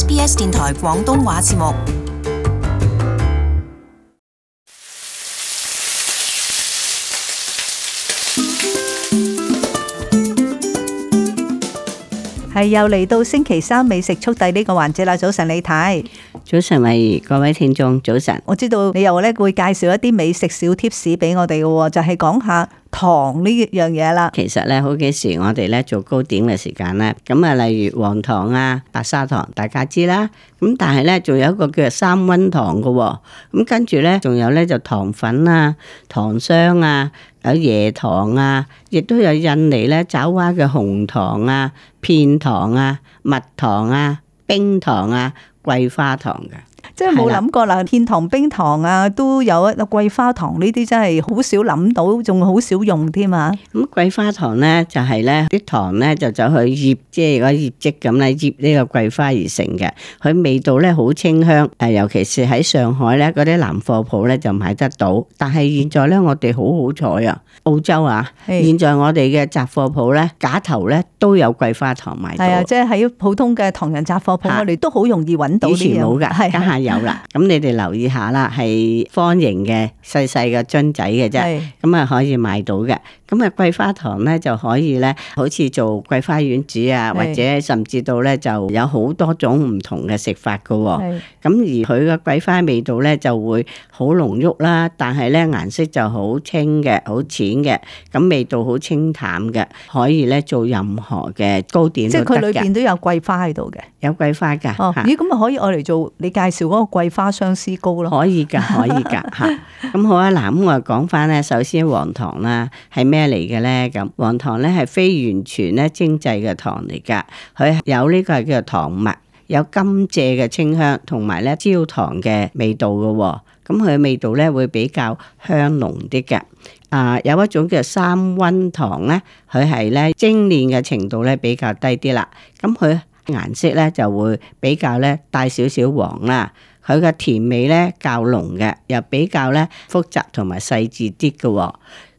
SBS 電台廣東話節目。係又嚟到星期三美食速遞呢個環節啦，早晨你睇，早晨維，各位聽眾早晨，我知道你又咧會介紹一啲美食小貼士俾我哋噶，就係講下糖呢樣嘢啦。其實咧，好幾時我哋咧做糕點嘅時間咧，咁啊，例如黃糖啊、白砂糖，大家知啦。咁但係咧，仲有一個叫做三温糖噶，咁跟住咧，仲有咧就糖粉啊、糖霜啊。有椰糖啊，亦、啊、都有印尼咧爪哇嘅紅糖啊、片糖啊、蜜糖啊、冰糖啊、桂花糖嘅。即係冇諗過啦，片糖、冰糖啊，都有桂花糖呢啲，真係好少諗到，仲好少用添啊！咁桂花糖呢，就係呢啲糖呢，就走去醃，即係嗰醃漬咁咧，醃呢個桂花而成嘅。佢味道呢，好清香，尤其是喺上海呢嗰啲南貨鋪呢，就買得到。但係現在呢，我哋好好彩啊，澳洲啊，現在我哋嘅雜貨鋪呢，假頭呢都有桂花糖賣。係啊，即係喺普通嘅唐人雜貨鋪，我哋都好容易揾到呢樣。以前冇㗎，有啦，咁你哋留意下啦，係方形嘅細細個樽仔嘅啫，咁啊是可以買到嘅。咁啊，桂花糖咧就可以咧，好似做桂花丸子啊，是或者甚至到咧就有好多種唔同嘅食法噶。咁是而佢嘅桂花味道咧就會好濃郁啦，但係咧顏色就好清嘅，好淺嘅，咁味道好清淡嘅，可以咧做任何嘅糕點。即係佢裏邊都有桂花喺度嘅。有桂花㗎。哦，咦，咁啊是可以我嚟做你介紹嗰個桂花相思糕咯。可以㗎，可以㗎。吓。咁好啊嗱，咁我講翻咧，首先黃糖啦，係咩？咩嚟嘅咧？咁黃糖咧係非完全咧精製嘅糖嚟噶，佢有呢個係叫做糖蜜，有甘蔗嘅清香，同埋咧焦糖嘅味道嘅喎。咁佢嘅味道咧會比較香濃啲嘅。啊，有一種叫三溫糖咧，佢係咧精煉嘅程度咧比較低啲啦。咁佢顏色咧就會比較咧帶少少黃啦。佢嘅甜味咧較濃嘅，又比較咧複雜同埋細緻啲嘅。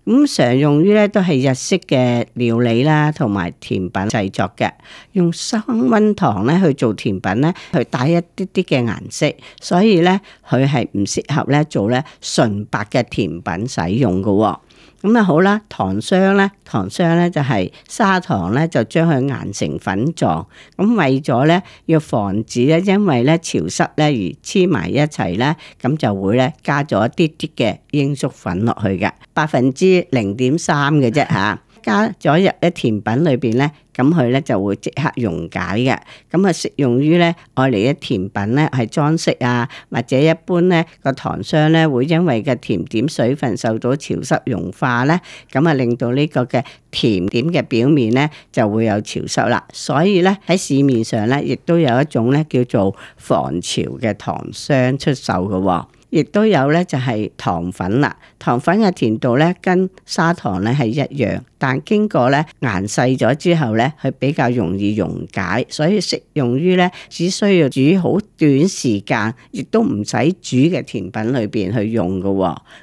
咁、嗯、常用於咧都係日式嘅料理啦，同埋甜品製作嘅，用三溫糖咧去做甜品咧，去帶一啲啲嘅顏色，所以呢，佢係唔適合咧做咧純白嘅甜品使用噶、哦。咁啊好啦，糖霜咧，糖霜咧就係砂糖咧就將佢研成粉狀，咁為咗咧要防止咧，因為咧潮濕咧而黐埋一齊咧，咁就會咧加咗一啲啲嘅鷹粟粉落去嘅，百分之零點三嘅啫吓。 加咗入啲甜品裏邊咧，咁佢咧就會即刻溶解嘅。咁啊，適用於咧愛嚟啲甜品咧，係裝飾啊，或者一般咧個糖霜咧，會因為嘅甜點水分受到潮濕融化咧，咁啊令到呢個嘅甜點嘅表面咧就會有潮濕啦。所以咧喺市面上咧，亦都有一種咧叫做防潮嘅糖霜出售嘅，哦，亦都有咧就係、是、糖粉啦。糖粉嘅甜度咧，跟砂糖咧係一樣，但經過咧研細咗之後咧，佢比較容易溶解，所以適用於咧只需要煮好短時間，亦都唔使煮嘅甜品裏邊去用嘅。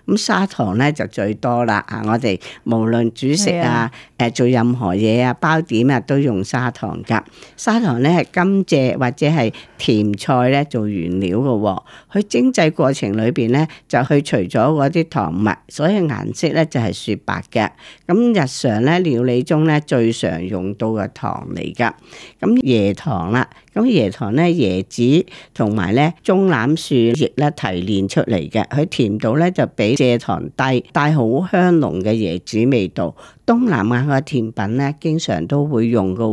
咁砂糖咧就最多啦。啊，我哋無論煮食啊，誒、啊、做任何嘢啊，包點啊都用砂糖㗎。砂糖咧係甘蔗或者係甜菜咧做原料嘅，佢精製過程裏邊咧就去除咗嗰啲糖。所以顏色咧就係雪白嘅，咁日常咧料理中咧最常用到嘅糖嚟噶，咁椰糖啦，咁椰糖咧椰子同埋咧棕欖樹液咧提煉出嚟嘅，佢甜度咧就比蔗糖低，帶好香濃嘅椰子味道。東南亞嘅甜品咧經常都會用嘅，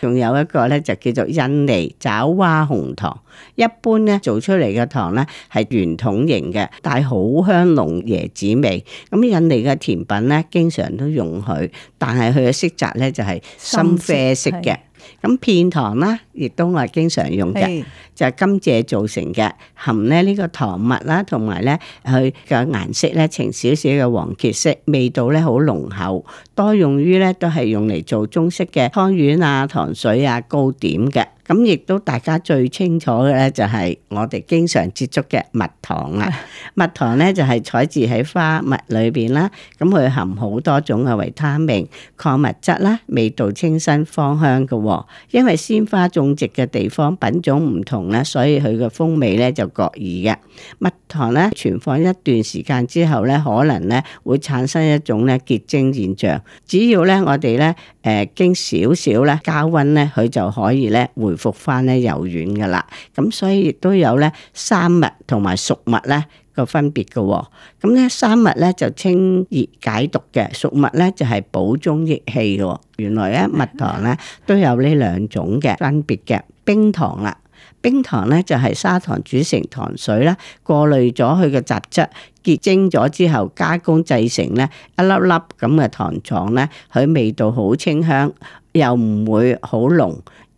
仲有一個咧就叫做印尼爪哇紅糖，一般咧做出嚟嘅糖咧係圓筒形嘅，帶好香濃椰子。甜味，咁印尼嘅甜品咧，經常都用佢，但係佢嘅色澤咧就係、是、深啡色嘅。咁片糖啦，亦都我係經常用嘅，就係甘蔗做成嘅，含咧呢個糖蜜啦，同埋咧佢嘅顏色咧呈少少嘅黃褐色，味道咧好濃厚，多用於咧都係用嚟做中式嘅湯圓啊、糖水啊、糕點嘅。咁亦都大家最清楚嘅咧，就係我哋經常接觸嘅蜜糖啊。蜜糖咧就係採自喺花蜜裏邊啦，咁佢含好多種嘅維他命、礦物質啦，味道清新芳香嘅喎。因為鮮花種植嘅地方品種唔同咧，所以佢嘅風味咧就各異嘅。蜜糖咧存放一段時間之後咧，可能咧會產生一種咧結晶現象。只要咧我哋咧誒經少少咧加温咧，佢就可以咧回復翻咧柔軟噶啦。咁所以亦都有咧生蜜同埋熟蜜咧。個分別嘅、哦，咁咧生蜜咧就清熱解毒嘅，熟蜜咧就係、是、補中益氣嘅、哦。原來咧蜜糖咧都有呢兩種嘅分別嘅。冰糖啦，冰糖咧就係、是、砂糖煮成糖水啦，過濾咗佢嘅雜質，結晶咗之後加工製成咧一粒粒咁嘅糖狀咧，佢味道好清香，又唔會好濃，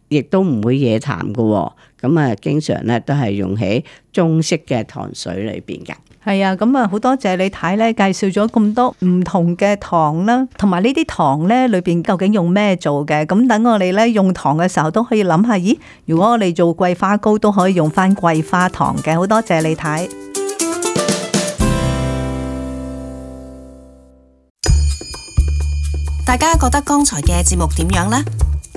亦都唔會惹痰嘅、哦。咁啊，經常咧都係用喺中式嘅糖水裏邊嘅。係啊，咁啊好多謝你太咧，介紹咗咁多唔同嘅糖啦，同埋呢啲糖咧裏邊究竟用咩做嘅？咁等我哋咧用糖嘅時候都可以諗下，咦？如果我哋做桂花糕都可以用翻桂花糖嘅。好多謝你太。大家覺得剛才嘅節目點樣呢？